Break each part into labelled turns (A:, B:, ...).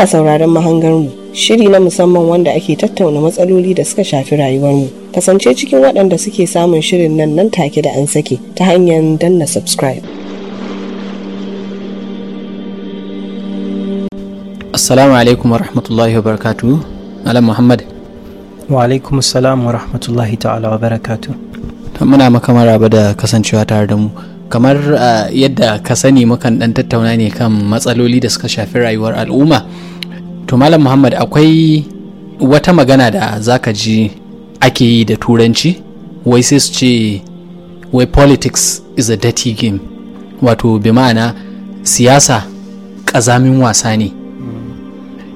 A: Kuna sauraron mahangarmu, shiri na musamman wanda ake tattauna matsaloli da suka shafi rayuwarmu. Kasance cikin waɗanda suke samun shirin nan nan take da an sake ta hanyar danna subscribe. Assalamu alaikum wa rahmatullahi wa barakatu. Alam Muhammad. Wa alaikum assalam wa rahmatullahi ta'ala wa barakatu. Muna maka maraba da kasancewa tare da mu. kamar uh, yadda ka sani mukan dan tattauna ne kan matsaloli da suka shafi rayuwar al'umma to malam muhammad akwai wata magana da zaka ji ake yi da turanci wai sai su ce wai politics is a dirty game wato bi ma'ana siyasa ƙazamin wasa ne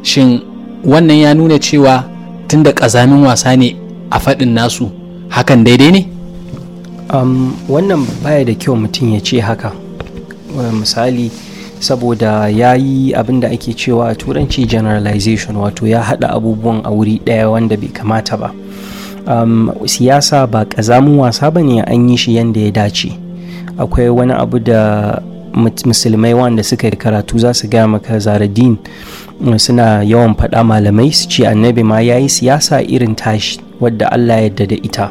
A: shin wannan ya nuna cewa tunda ƙazamin wasa ne a faɗin nasu hakan daidai ne
B: um, wannan baya da kyau mutum ya ce haka misali saboda ya yi abin da ake cewa a turanci generalization wato ya haɗa abubuwan a wuri ɗaya wanda bai kamata ba um, siyasa ba ƙazamin wasa ba ne an yi shi yadda ya dace akwai wani abu da musulmai wanda suka yi karatu za su gaya maka zaradin suna yawan faɗa malamai su ce annabi ma ya yi siyasa irin tashi wadda allah yadda da ita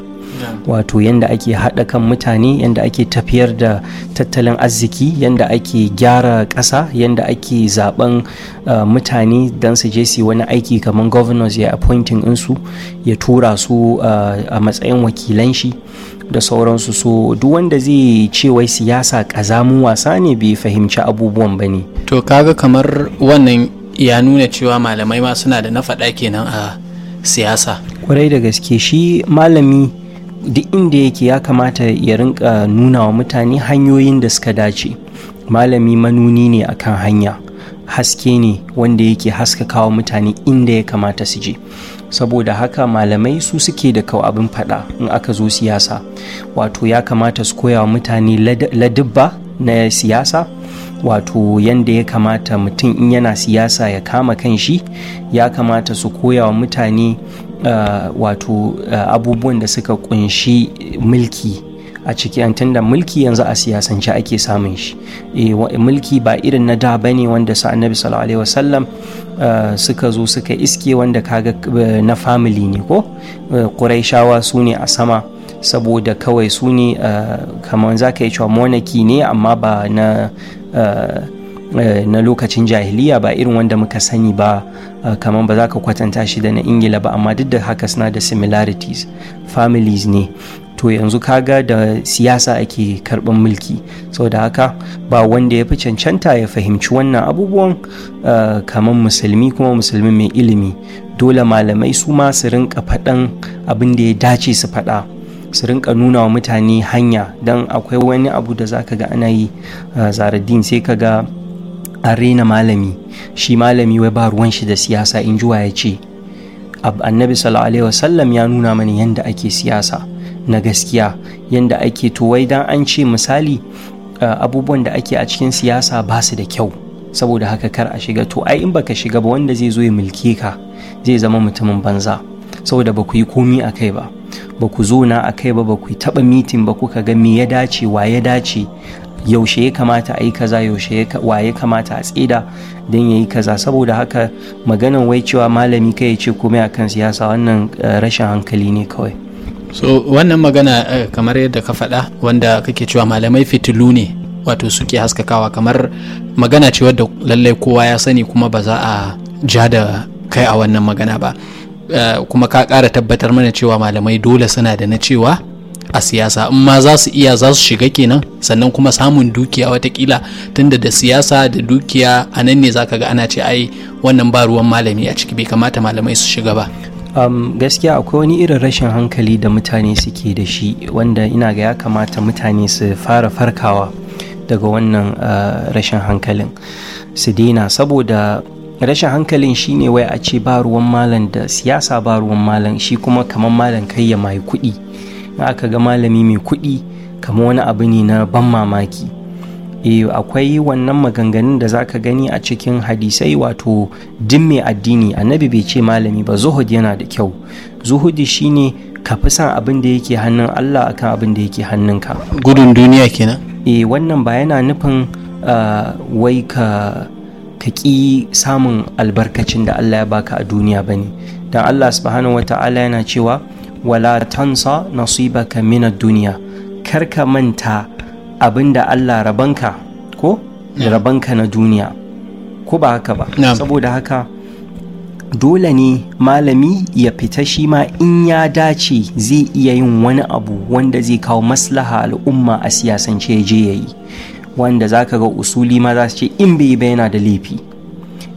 B: wato yanda ake haɗa kan mutane yanda ake tafiyar da tattalin arziki yanda ake gyara ƙasa yanda ake zaben eh, mutane don su je su wani aiki kamar governors ya appointing insu ya tura su eh, a matsayin wakilan shi da sauransu so duk wanda zai ce wai siyasa ƙazamin wasa ne bai fahimci abubuwan ba ne to kaga kamar
A: wannan ya nuna cewa malamai ma suna da na faɗa kenan a siyasa
B: kwarai da gaske shi malami duk inda yake ya kamata ya rinka nuna wa mutane hanyoyin da suka dace malami manuni ne akan hanya haske ne wanda yake haskakawa mutane inda ya kamata su je saboda haka malamai su suke da kau abin fada in aka zo siyasa wato ya kamata su koya wa mutane ladubba na siyasa wato yanda ya kamata mutum in yana siyasa ya kama kan shi ya kamata su koya wa mutane Eh, wato eh, abubuwan da suka kunshi mulki a ciki tunda mulki yanzu a siyasance ake samun shi eh, mulki ba irin na da ba ne wanda sa annabi sallallahu alaihi wasallam suka zo suka iske wanda kaga na family ne ko ƙuraishawa su ne a sama saboda kawai su ne kamar za ka yi cewa monarchy ne amma ba na Eh, na lokacin jahiliya ba irin wanda muka sani ba eh, kamar ba za ka kwatanta shi da na ingila ba amma duk da haka suna da similarities families ne to yanzu kaga da siyasa ake karɓar mulki saboda haka ba wanda ya fi cancanta ya fahimci wannan abubuwan eh, kamar musulmi kuma musulmi mai ilimi dole malamai su ma su rinka faɗan abin da ya dace su faɗa su rinka nuna wa mutane hanya don akwai wani abu da za ka ga ana yi zaradin sai ka ga an rena malami shi malami wai ba ruwan shi da siyasa in juwa ya ce annabi sallallahu alaihi wasallam ya nuna mana yadda ake siyasa na gaskiya yadda ake to wai dan an ce misali abubuwan da ake a cikin siyasa ba su da kyau saboda haka kar a shiga to ai in baka shiga ba wanda zai zo ya mulke ka zai zama mutumin banza saboda ba ku yi komi akai ba ba ku zo na a ba ba ku taɓa mitin ba kuka ga me ya dace wa ya dace yaushe ya kamata a yi kaza yaushe wa ya kamata a tsida don ya yi kaza saboda haka
A: maganan wai cewa malami kai ya ce kome a kan siyasa wannan eh, rashin hankali ne kawai so wannan magana eh, kamar yadda ka faɗa wanda kake cewa malamai fitilu ne wato suke haskakawa kamar magana ce wadda lallai kowa ya sani kuma ba za a ja da kai a wannan magana ba eh, kuma ka ƙara tabbatar mana cewa malamai dole suna da na cewa a siyasa in ma za su iya za su shiga kenan sannan kuma samun dukiya watakila tunda da siyasa da dukiya a nan ne zaka ga ana ce ai wannan ba ruwan malami a ciki bai kamata malamai su shiga ba
B: um, gaskiya akwai wani irin rashin hankali da mutane suke da shi wanda ina ga ya kamata mutane su fara farkawa daga wannan uh, rashin hankalin su daina saboda rashin hankalin shine wai a ce ba ruwan malam da siyasa ba ruwan malam shi kuma kamar malam kai ya mai kuɗi na aka ga malami mai kuɗi kama wani abu ne na ban mamaki e akwai wannan maganganun da za ka gani a cikin hadisai wato din mai addini annabi bai ce malami ba zuhud yana da kyau zuhudi shine ka fi san abin da yake hannun Allah akan abin da yake hannunka gudun duniya kenan e wannan ba yana nufin ah, wai ka ka ƙi samun albarkacin da Allah ya baka a duniya bane dan Allah subhanahu wata'ala yana cewa wala tansa nasibaka min ad-dunya kar ka manta abinda Allah rabanka ko rabanka na duniya ko ba haka ba saboda haka dole ne malami ya fita shi ma in ya dace zai iya yin wani abu wanda zai kawo maslaha al'umma a siyasance je ya yi wanda za ka ga usuli ma za su ce in bai ba yana da laifi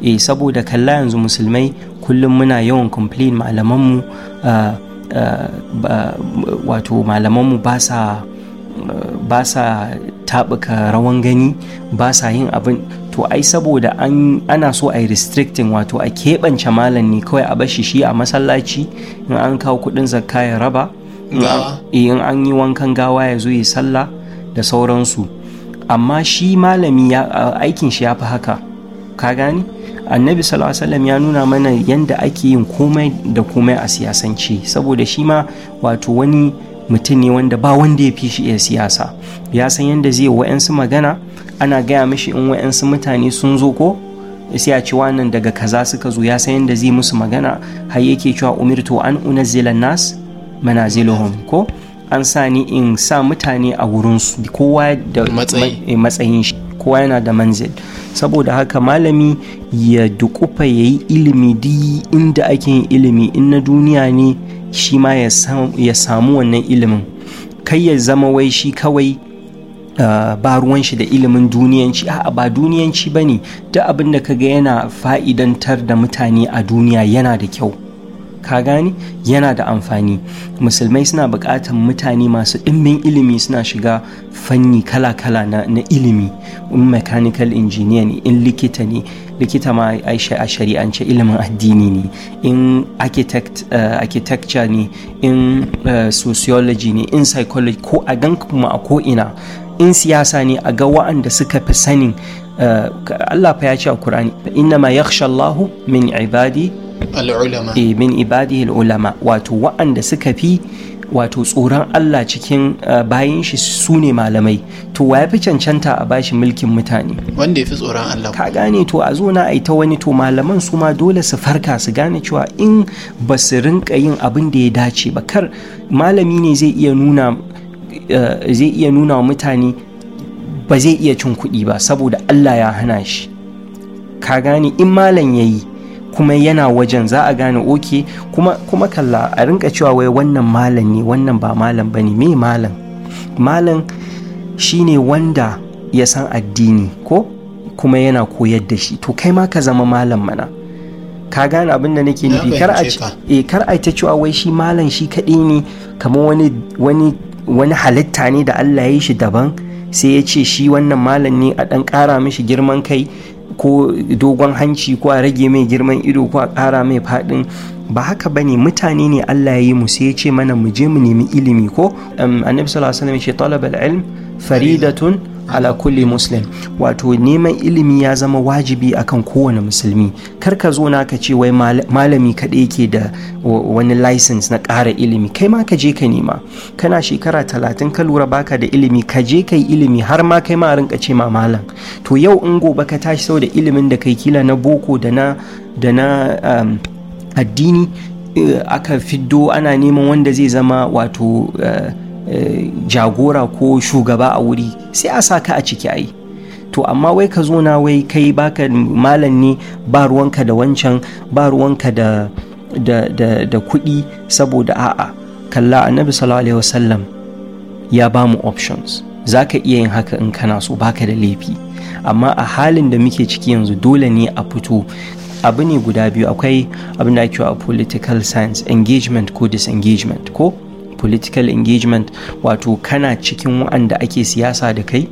B: Eh saboda kalla yanzu musulmai kullum muna yawan complain malamanmu ah, Eh, wato malamanmu ba sa ba taɓuka rawan gani ba sa yin abin to ai saboda ana so a yi restricting wato a keɓance malam ne kawai a bashi shi a masallaci in an kawo kuɗin zakka ya raba in an eh, yi wankan gawa ya zo ya sallah da sauransu amma shi malami aikin shi ya fi haka ka gani annabi sallallahu ya nuna mana yadda ake yin komai da komai a siyasance saboda shi ma wato wani mutum ne wanda ba wanda ya fi shi iya siyasa ya san yadda zai wa'yansu magana ana gaya mishi in wa'yansu mutane sun zo ko sai a ci wannan daga kaza suka zo ya san yadda zai musu magana har yake cewa umirtu an unazzila nas manaziluhum ko an sa ni in sa mutane a wurin su kowa da eh, matsayin shi kowa yana da manzil saboda haka malami ya dukufa ya yi ilimi duk inda ake yin ilimi in na duniya ne shi ma ya samu wannan ilimin kai ya zama wai shi kawai Uh, ba ruwan shi da ilimin duniyanci a'a ba duniyanci ba ne. duk abin da ka ga yana fa'idantar da mutane a duniya yana da kyau ka gani yana da amfani musulmai suna buƙatar mutane masu ɗimbin ilimi suna shiga fanni kala-kala na, ilimi in mechanical engineer ne in likita ne likita ma aisha a shari'ance ilimin addini ne in architect, uh, architecture ne in eh, sociology ne in psychology ko a gan kuma a ko'ina in siyasa ne a ga wa'anda suka fi sanin eh, Allah fa ya ce a Kur'ani inna ma yakhsha Allahu min ibadi Eh, min ibadihi ulama wato wa'anda suka fi wato tsoron Allah cikin eh, bayan shi su ne malamai to wa fi cancanta a bashi mulkin mutane wanda ya fi tsoron Allah ka gane to a zo na a ta wani to malaman su ma dole su farka su gane cewa in ba su rinka yin abin da ya dace ba kar malami ne zai nuna eh, zai iya nuna wa mutane ba zai iya cin kuɗi ba saboda Allah ya hana shi ka gane in malam ya yi kuma yana wajen za a gane oke kuma kuma kalla a rinka cewa wai wannan malam ne wannan ba malam ba ne me malam malam shine wanda ya san addini ko kuma yana koyar da shi to kai ma ka zama malam mana ka gane abin da nake nufi kar a eh, kar a ta cewa wai shi malam shi kaɗai ne kamar wani wani halitta ne da Allah ya yi shi daban sai ya ce shi wannan malam ne a ɗan ƙara mishi girman kai ko dogon hanci ko a rage mai girman ido ko a ƙara mai faɗin ba haka bane mutane ne Allah ya yi mu sai ya ce mana mu je mu nemi ilimi ko annabi sallallahu alaihi wasallam ya ce talabal ilm faridatun ala kulli muslim wato neman ilimi ya zama wajibi akan kowane musulmi kar ka zo na ka ce wai malami kaɗai yake da wani license na ƙara ilimi kai ma ka je ka nema kana shekara talatin ka lura baka da ilimi ka je ka yi ilimi har ma kai ma rinka ce ma malam to yau in gobe ka tashi sau da ilimin da kai kila na boko da na da na um, addini eh, aka fiddo ana neman wanda zai zama wato eh, jagora ko shugaba a wuri sai a sa ka a ciki ai to amma wai ka zo na wai kai baka malam ne ba ruwanka da wancan ba ruwanka da da da, da kuɗi saboda a'a kalla annabi sallallahu alaihi wasallam ya ba mu options za ka iya yin haka in kana so baka da laifi amma a halin da muke ciki yanzu dole ne a fito abu ne guda biyu akwai abin da ake a political science engagement ko disengagement ko political engagement wato kana cikin wa'anda ake siyasa da kai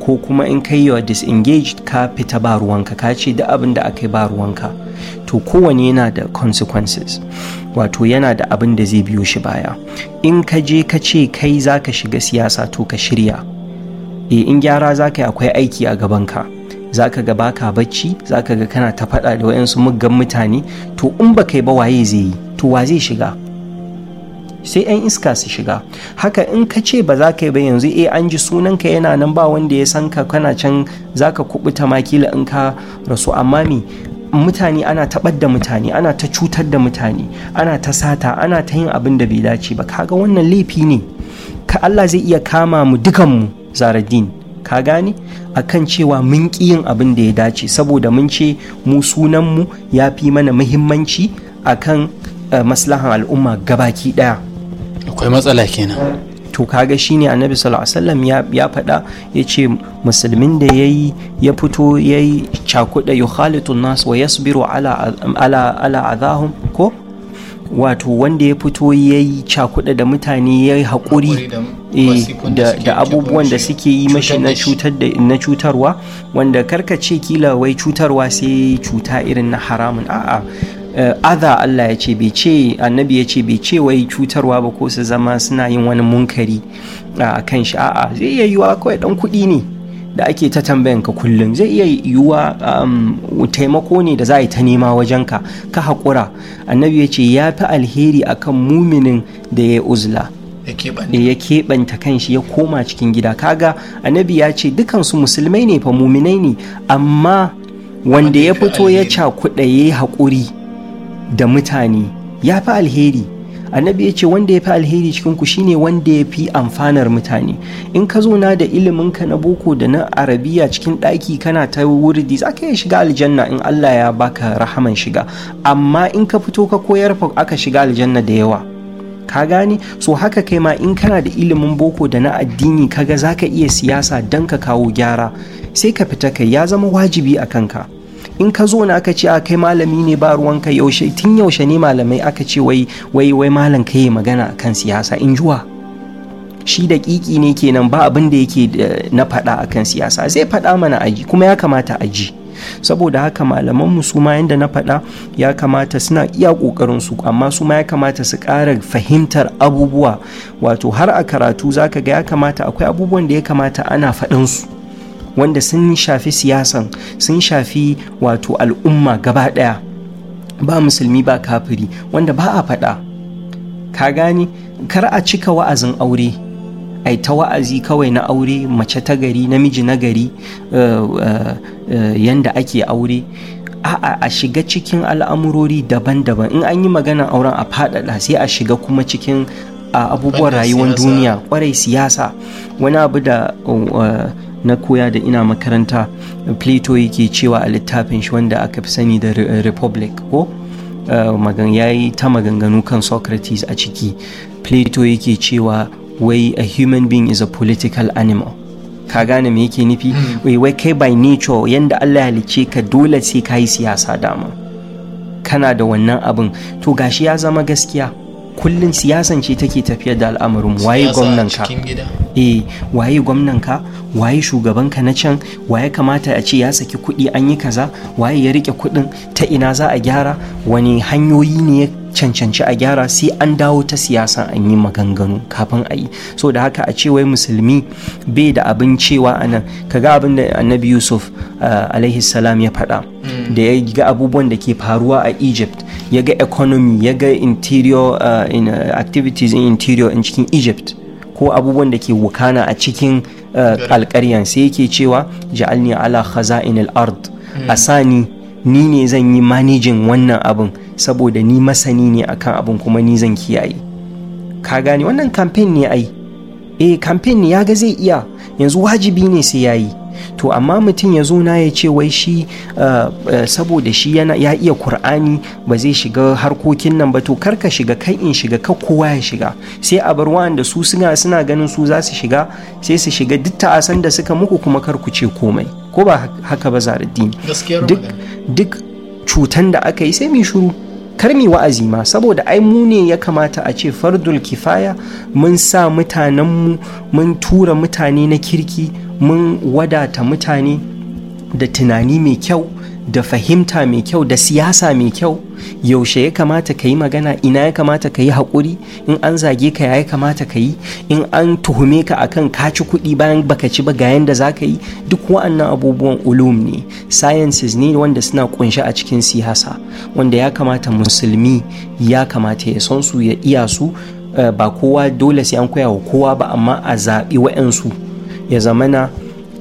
B: ko kuma in kai yawa disengaged ka fita ba ruwanka ka ce da abin da aka yi ba ruwanka to kowane yana da consequences wato yana da abin da zai biyo shi baya in ka je ka ce kai za ka shiga siyasa to ka shirya e in gyara za ka yi akwai aiki a gabanka za ka ga baka bacci za ka ga kana ta faɗa da wayansu muggan mutane to in ba kai ba waye zai yi to wa zai shiga sai 'yan iska su shiga haka in ka ce ba za ka yi ba yanzu eh an ji sunanka yana nan ba wanda ya san ka kana can za ka kubuta makila in ka rasu amma me mutane ana taɓar da mutane ana ta cutar da mutane ana ta sata ana ta yin abin da bai dace ba kaga wannan laifi ne ka Allah zai iya kama mu dukan mu zaradin ka gane akan cewa mun ki yin abin da ya dace saboda mun ce mu sunanmu ya fi mana muhimmanci akan eh, maslahan al'umma gabaki ɗaya akwai matsala kenan to kaga shine annabi sallallahu alaihi wasallam ya faɗa ya ce musulmin da ya ya fito ya yi yukhalitu nas wa yasbiru ala ala adahum ko wato wanda ya fito yayi yi cakuɗa da mutane ya hakuri eh, e da abubuwan da suke yi mashi na cutarwa wanda karkace kila wai cutarwa sai cuta irin na haramun a'a adha eh, Allah ya ce bai ce annabi ya ce bai ce wai cutarwa ba ko su zama suna yin wani munkari a kan shi a'a zai iya yiwa kawai dan kuɗi ne da ake ta tambayan ka kullum zai iya yiwa um, taimako ne da za a yi ta nema wajen ka ka haƙura annabi ya ce ya fi alheri akan muminin da ya uzla da ya keɓanta shi ya koma cikin gida kaga annabi ya ce dukansu musulmai ne fa muminai ne amma wanda ya fito ya cakuɗa ya yi haƙuri da mutane ya fi alheri annabi ya ce wanda ya fi alheri cikin ku shine wanda ya fi amfanar mutane in ka zo na da ilimin ka na boko da na arabiya cikin ɗaki kana ta wurdi za ka iya shiga aljanna in Allah ya baka rahaman shiga amma in ka fito ka koyar fa aka shiga aljanna da yawa ka gane so haka kai ma in kana da ilimin boko da na addini kaga za ka iya siyasa don ka kawo gyara sai ka fita kai ya zama wajibi a kanka in ka zo na aka ce a kai malami ne ba ruwanka yaushe tun yaushe ne malamai aka ce wai wai wai malam ka yi magana kan siyasa in juwa shi da kiki ne kenan ba abin da yake eh, na faɗa akan siyasa zai faɗa mana aji kuma ya kamata aji saboda haka malaman mu suma yanda na faɗa ya kamata suna iya ƙoƙarin su amma suma ya kamata su ƙara fahimtar abubuwa wato har a karatu zaka ga ya kamata akwai abubuwan da ya kamata ana faɗin su wanda sun shafi siyasan sun shafi wato al'umma gaba ɗaya ba musulmi ba kafiri wanda ba a faɗa ka gani kar a cika wa'azin aure ai ta wa'azi kawai na aure mace ta gari namiji na gari eh, eh, eh, yanda ake aure a'a a shiga cikin al'amurori daban-daban in an yi maganar auren a faɗaɗa sai a shiga kuma cikin abubuwan rayuwar duniya kwarai siyasa wani abu da na koya da ina makaranta plato yake cewa a littafin shi wanda aka fi sani da eh, republic ko eh, magan ya yi ta maganganu kan socrates a ciki plato yake cewa wai a human being is a political animal ka gane me yake nufi hmm. wai kai by nature yanda Allah ya halice ka dole sai ka yi siyasa dama kana da wannan abin to gashi ya zama gaskiya Kullum siyasan ce take tafiyar da al'amarin waye gwamnan ka eh waye gwamnan ka waye shugaban ka na can waye kamata a ce ya saki kuɗi an yi kaza waye ya rike kuɗin ta ina za a gyara wani hanyoyi ne cancanci a gyara sai an dawo ta siyasa an yi maganganu kafin a yi so da haka a ce wai musulmi bai da abin cewa a nan kaga abin da annabi yusuf ah, alaihi salam ya faɗa hmm. da ya ga abubuwan da ke faruwa a egypt ya ga economy ya ga interior ah, in, ah, activities in interior in cikin egypt ko abubuwan da ke wukana a cikin alkaryan sai yake cewa ja'alni ala khaza'in al-ard hmm. asani ni ne zan yi managing wannan abin saboda ni masani ne akan abin kuma ni zan kiyaye ka gani wannan kamfen ne ai eh kamfen ne ya zai iya yanzu wajibi ne sai yayi. to amma mutum ya zo na ya ce wai shi eh, eh, saboda shi yana ya iya kur'ani ba zai shiga harkokin nan ba to kar ka shiga kai in shiga ka kowa ya shiga sai a bar wa'anda su suna suna ganin su za su shiga sai su shiga duk ta'asan da suka muku kuma kar ku ce komai ko ba haka ba zaraddini duk duk cutan da aka yi sai mu shuru. karmi wa'azi ma saboda ai mu ne ya kamata a ce fardul kifaya mun sa mutanenmu mun tura mutane na kirki mun wadata mutane da tunani mai kyau da fahimta mai kyau da siyasa mai kyau yaushe ya kamata ka yi magana ina ya kamata ka yi haƙuri in an zage ka ya kamata ka yi in an tuhume ka akan ka ci kuɗi bayan baka ci ba ga yanda za ka yi duk wa'annan abubuwan ulum ne sciences ne wanda suna kunshi a cikin siyasa wanda ya kamata musulmi ya kamata ya san su ya iya su eh, ba kowa dole sai an koya wa kowa ba amma a zaɓi wa'ansu ya zamana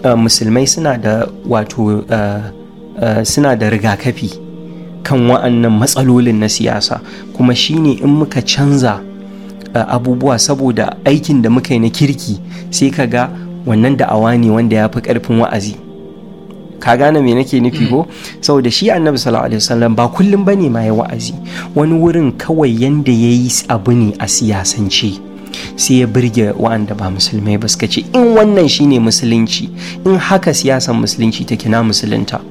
B: eh, musulmai suna da wato eh, suna da rigakafi kan wa'annan matsalolin na siyasa kuma shine in muka canza eh, abubuwa saboda aikin da muka yi na kirki sai ka ga wannan da'awa ne wanda ya fi ƙarfin wa'azi ka gane me nake nufi ko mm. saboda shi annabi sallallahu alaihi wasallam ba kullum bane ma ya wa'azi wani wurin kawai yanda yayi abu ne a siyasance sai ya birge wa'anda ba musulmai ba suka ce in wannan shine musulunci in haka siyasan musulunci take na musulunta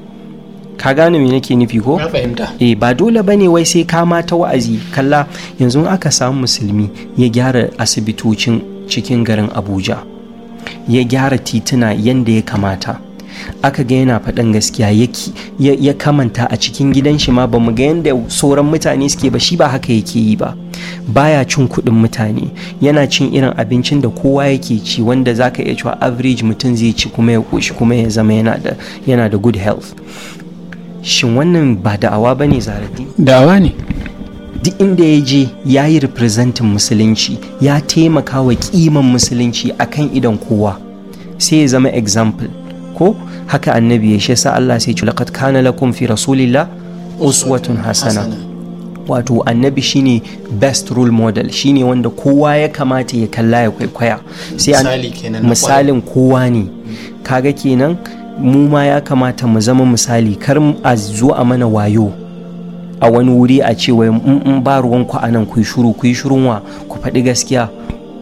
B: ka gane me nake nufi ko na fahimta eh ba dole bane wai sai ka ma ta wa'azi kalla yanzu aka samu musulmi ya gyara asibitocin cikin garin Abuja ya gyara tituna yanda ya kamata aka ga yana faɗin gaskiya ya kamanta a cikin gidan shi ma ba mu ga yadda sauran mutane suke ba shi ba haka yake yi ba baya cin kuɗin mutane yana cin irin abincin da kowa yake ci wanda zaka iya cewa average mutum zai ci kuma ya ƙoshi kuma ya zama yana da good health shin wannan ba da'awa ba ne zaradi da'awa ne duk inda ya je ya yi representin musulunci ya taimaka wa kiman musulunci akan idan kowa sai ya zama example ko haka annabi ya shesa Allah sai laqad kana lakum fi rasulillah uswatun hasana wato annabi shine best role model shine wanda kowa ya kamata ya kalla ya kwaikwaya sai misalin kowa ne kaga kenan mu ma ya kamata mu zama misali kar a zo a mana wayo a wani wuri a ce wai in mm, mm, ba ruwanku a nan ku yi shuru ku yi wa ku faɗi gaskiya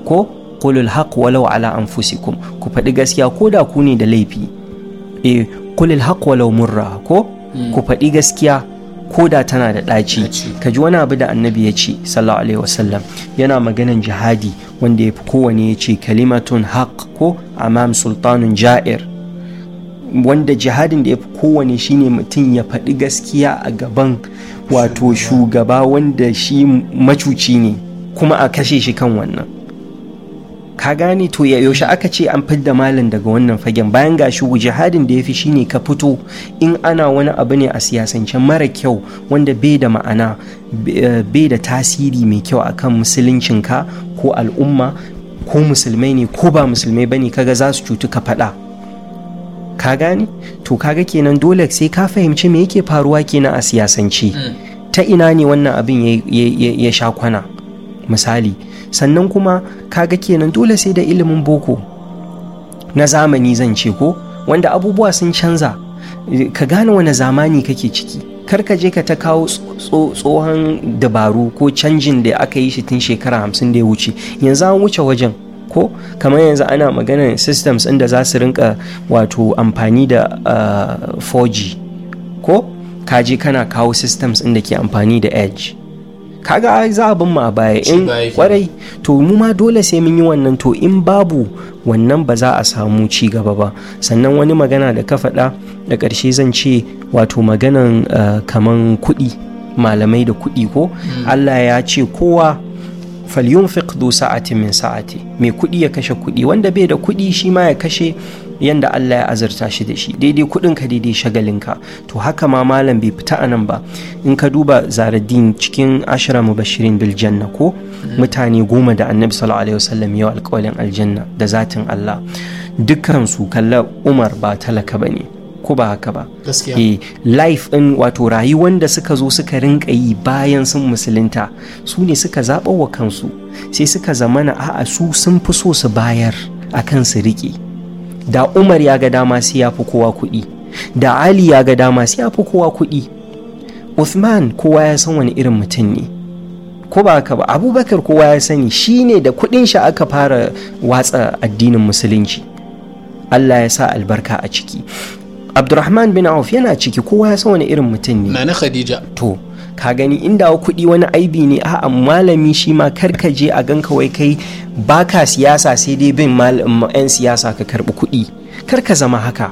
B: ko kulul haq walau ala anfusikum ku faɗi gaskiya ko da ku ne da laifi eh kulul haq walau murra ko hmm. ku faɗi gaskiya ko da tana da ɗaci ka ji wani abu da annabi ya ce sallallahu alaihi wasallam yana maganan jihadi wanda ya fi kowane ya ce kalimatun haq ko amam sultanun ja'ir wanda jihadin da ya fi kowane shine mutum ya faɗi gaskiya a gaban wato shugaba wanda shi macuci ne kuma a kashe shi kan wannan ka gane to ya yaushe aka ce an fidda malam daga wannan fagen bayan ga shi jihadin da ya fi shine ka fito in ana wani abu ne a siyasance mara kyau wanda bai da ma'ana eh, bai da tasiri mai kyau akan musuluncinka ko al'umma ko musulmai ne ko ba musulmai bane kaga za su cutu ka faɗa ka gane to kaga kenan dole sai ka fahimci me yake faruwa kenan a siyasance hmm. ta ina ne wannan abin ya sha kwana misali sannan kuma kaga kenan dole sai da ilimin boko na zamani zan ce ko wanda abubuwa sun canza ka gane wani zamani kake ciki kar ka je ka ta kawo tsohon dabaru ko canjin da aka yi shi tun shekara hamsin da ya wuce yanzu an wuce wajen ko kamar yanzu ana maganar systems inda za su rinka wato amfani da uh, ah, 4G ko kaji kana kawo systems inda ke amfani da edge kaga za a bin mu a baya in kwarai to mu ma dole sai mun yi wannan to in babu wannan ba za a samu ci gaba ba sannan wani magana da ka faɗa da ƙarshe zan ce wato maganan ah, kaman kuɗi malamai da kuɗi ko hmm. Allah ya ce kowa falyunfiq du sa'atin min sa'ati mai kuɗi ya kashe kuɗi wanda bai da kuɗi shi ma ya kashe yanda Allah ya azurta shi da shi daidai kuɗin ka daidai shagalin ka to haka ma malam bai fita anan ba in ka duba zaradin cikin ashira mubashirin bil janna ko mutane goma da annabi sallallahu alaihi wasallam yau alƙawalin aljanna da zatin Allah dukkan su kalla Umar ba talaka bane ko ba haka ba eh, life in wato rayuwan da suka zo suka rinka yi bayan sun musulunta su ne suka zaɓa wa kansu sai suka zamana a'a su sun fi so su bayar akan su riƙe da umar ya ga dama sai ya fi kowa kuɗi da ali ya ga dama sai ya fi kowa kuɗi uthman kowa ya san wani irin mutum ne ko ba haka ba abubakar kowa ya sani shine da kuɗin shi aka fara watsa addinin musulunci Allah ya sa albarka a ciki abdurrahman bin auf yana ciki kowa ya san wani irin mutum ne nana khadija to ka gani inda kuɗi wani aibi ne a'a malami shi ma karka je a ganka wai kai baka siyasa sai dai bin 'yan siyasa ka karɓi kuɗi kar ka zama haka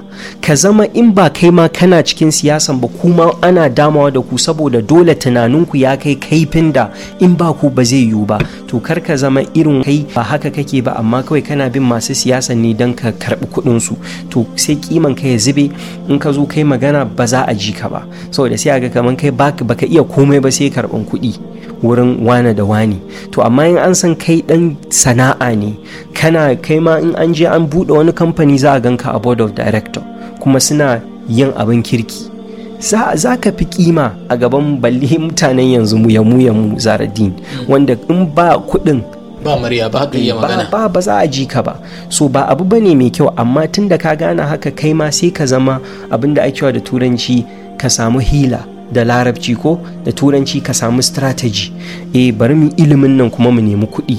B: ka zama in ba kai ma kana cikin siyasan ba kuma ana damawa da ku saboda dole tunaninku ya kai kaifin da in ba ku ba zai yiwu ba to kar ka zama irin kai ba haka kake ba amma kawai kana bin masu siyasan ne don ka karbi kuɗin su to sai kiman ka ya zube in ka zo kai magana ba za a ji ka ba saboda sai a ga kamar kai baka iya komai ba sai karɓan kuɗi wurin wane da wani to amma in an san kai dan sana'a ne kana kai ma in an je an buɗe wani kamfani za a ka a board of director kuma suna yin abin kirki za ka fi kima a gaban balle mutanen yanzu mu ya mu zaradin wanda in ba kuɗin
A: ba murya ba haka iya magana
B: ba ba za a ji ka ba so ba abu bane mai kyau amma tun da ka gane haka kai ma sai ka zama abin da ake da turanci ka samu hila da larabci ko da turanci ka samu strategy eh bari mu ilimin nan kuma mu nemi kuɗi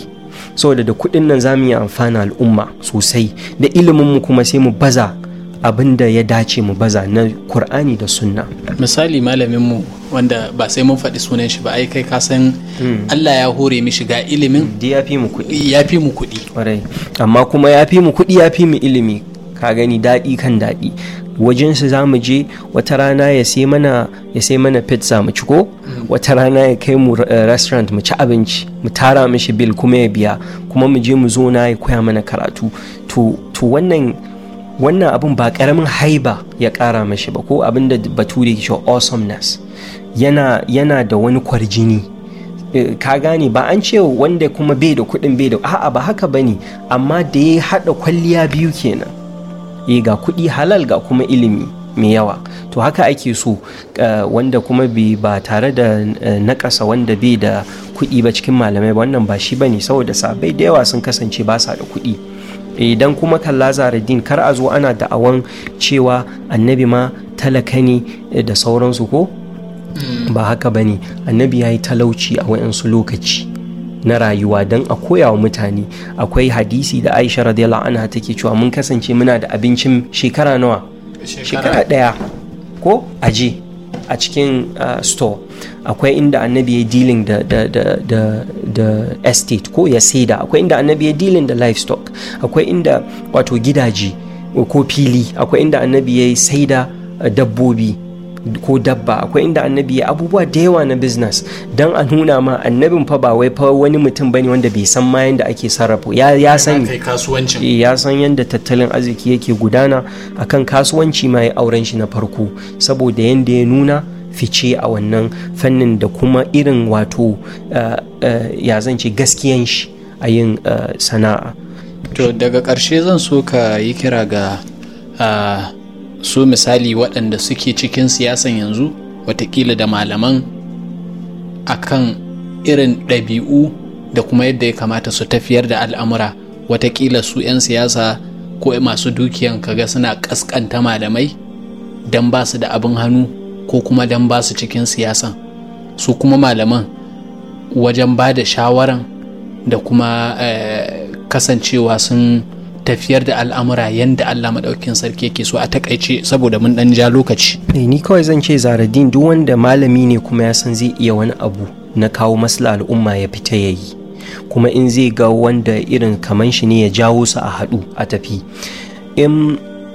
B: saboda da kuɗin nan za mu yi amfana al'umma sosai da ilimin mu kuma sai mu baza abin da ya dace mu baza na Kur'ani da Sunna.
A: Misali malaminmu wanda ba sai mun faɗi sunan shi ba ai kai ka san hmm. Allah ya hore mi shiga ilimin. Ya fi mu kuɗi. Ya fi mu kuɗi. Amma kuma ya fi mu kuɗi ya fi mu ilimi ka gani daɗi kan daɗi
B: wajensa za mu je wata rana ya sai mana ya sai mana pizza mu ci ko wata rana ya kai mu eh, restaurant mu ci abinci mu tara mishi bil kuma ya biya kuma mu je mu zo na ya koya mana karatu to to wannan wannan abin ba karamin haiba ya kara mishi ba ko abin da bature ke cewa awesomeness yana yana da wani kwarjini eh, ka gane ba an ce wanda kuma bai da kuɗin bai da a'a ba haka bane amma da ya haɗa kwalliya biyu kenan eh ga kuɗi halal ga kuma ilimi mai yawa to haka ake so eh, wanda kuma ba tare da eh, nakasa wanda bai da kuɗi ba cikin malamai wannan ba shi bane saboda sabai da yawa sun kasance ba sa da kuɗi idan eh, kuma kalla zaradin kar a zo ana da'awan cewa annabi ma talaka ne da sauransu ko hmm. ba haka bane annabi ya yi talauci a wayansu lokaci na rayuwa don a koya wa mutane akwai hadisi da aisha radiyallahu anha take cewa mun kasance muna da abincin shekara nawa shekara ɗaya ko aje a cikin store akwai inda annabi ya dealing da, da, da estate ko ya saida akwai inda annabi ya dealing da livestock akwai inda wato gidaje ko fili akwai inda annabi ya saida dabbobi ko dabba akwai inda annabi ya abubuwa da yawa na business don a nuna ma annabin fa ba wai fa wani mutum bane wanda bai san ma yanda ake sarrafa ya ya san eh, ya san yanda tattalin arziki yake gudana akan kasuwanci ma ya auren shi na farko saboda yanda ya nuna fice a wannan fannin da kuma irin wato eh, eh, ya zan ce gaskiyan shi a yin
A: sana'a to daga ƙarshe zan so ka yi kira ga ah, su misali waɗanda suke cikin siyasan yanzu watakila da malaman a kan irin ɗabi'u da kuma yadda ya kamata su tafiyar da al'amura watakila su 'yan siyasa ko masu dukiyan kaga suna ƙasƙanta malamai don ba su da abin hannu ko kuma don ba su cikin siyasan su kuma malaman wajen ba da shawaran da kuma eh, kasancewa sun tafiyar da al'amura yadda Allah maɗaukin sarki yake so a takaice saboda mun ɗan ja lokaci.
B: Eh, ni kawai zan ce zaradin duk wanda malami ne kuma ya san zai iya wani abu na kawo masla al'umma ya fita ya yi kuma in zai ga wanda irin kaman shi ne ya jawo su a haɗu a tafi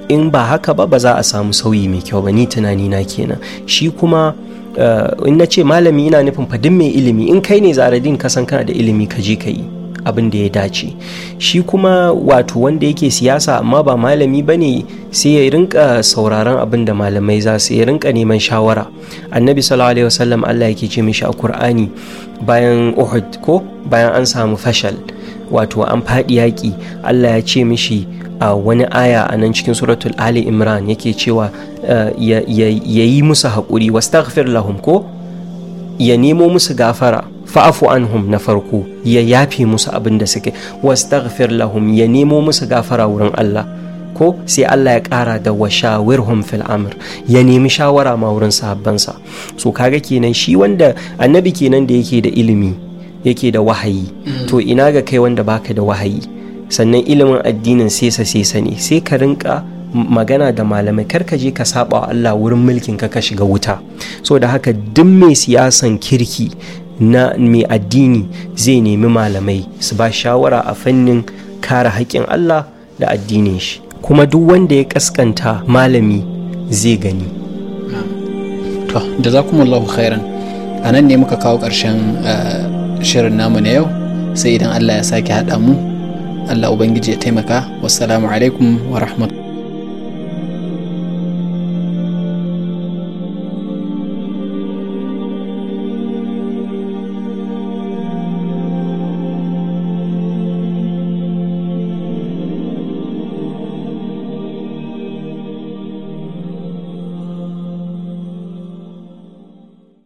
B: in ba haka ba ba za a samu sauyi mai kyau ba ni tunani na kenan shi kuma eh, in na ce malami ina nufin fadin mai ilimi in kai ne zaradin ka san kana da ilimi ka je ka yi abin da ya dace shi kuma wato wanda yake siyasa amma ba malami ba ne sai ya rinka sauraron abin da malamai za su ya rinka neman shawara annabi sallallahu alaihi wasallam Allah yake ce mishi a Kur'ani bayan Uhud ko bayan an samu fashal wato an faɗi yaƙi Allah ya ce mishi a wani aya a nan cikin suratul Ali Imran yake cewa eh, ya yi musu haƙuri wastaghfir lahum ko ya nemo musu gafara fa'afu anhum na farko ya yafe musu abin da suke wastaghfir lahum ya nemo musu gafara wurin Allah ko sai Allah ya ƙara da washawirhum fil amr ya nemi shawara ma wurin sahabbansa so kaga kenan shi wanda annabi kenan da yake da ilimi yake da wahayi to ina ga kai wanda baka da wahayi sannan ilimin addinin sesa sesa ne sai ka rinka magana da malamai karka je ka saba wa Allah wurin mulkin ka ka shiga wuta so da haka duk mai siyasan kirki na mai addini zai nemi malamai su ba shawara a fannin kare haƙƙin Allah da addinin shi kuma duk wanda ya kaskanta malami
A: zai gani to da za kuma Allah khairan a nan ne muka kawo ƙarshen eh, shirin namu na yau sai idan Allah ya sake haɗa mu Allah Ubangiji ya taimaka wassalamu alaikum wa rahmatu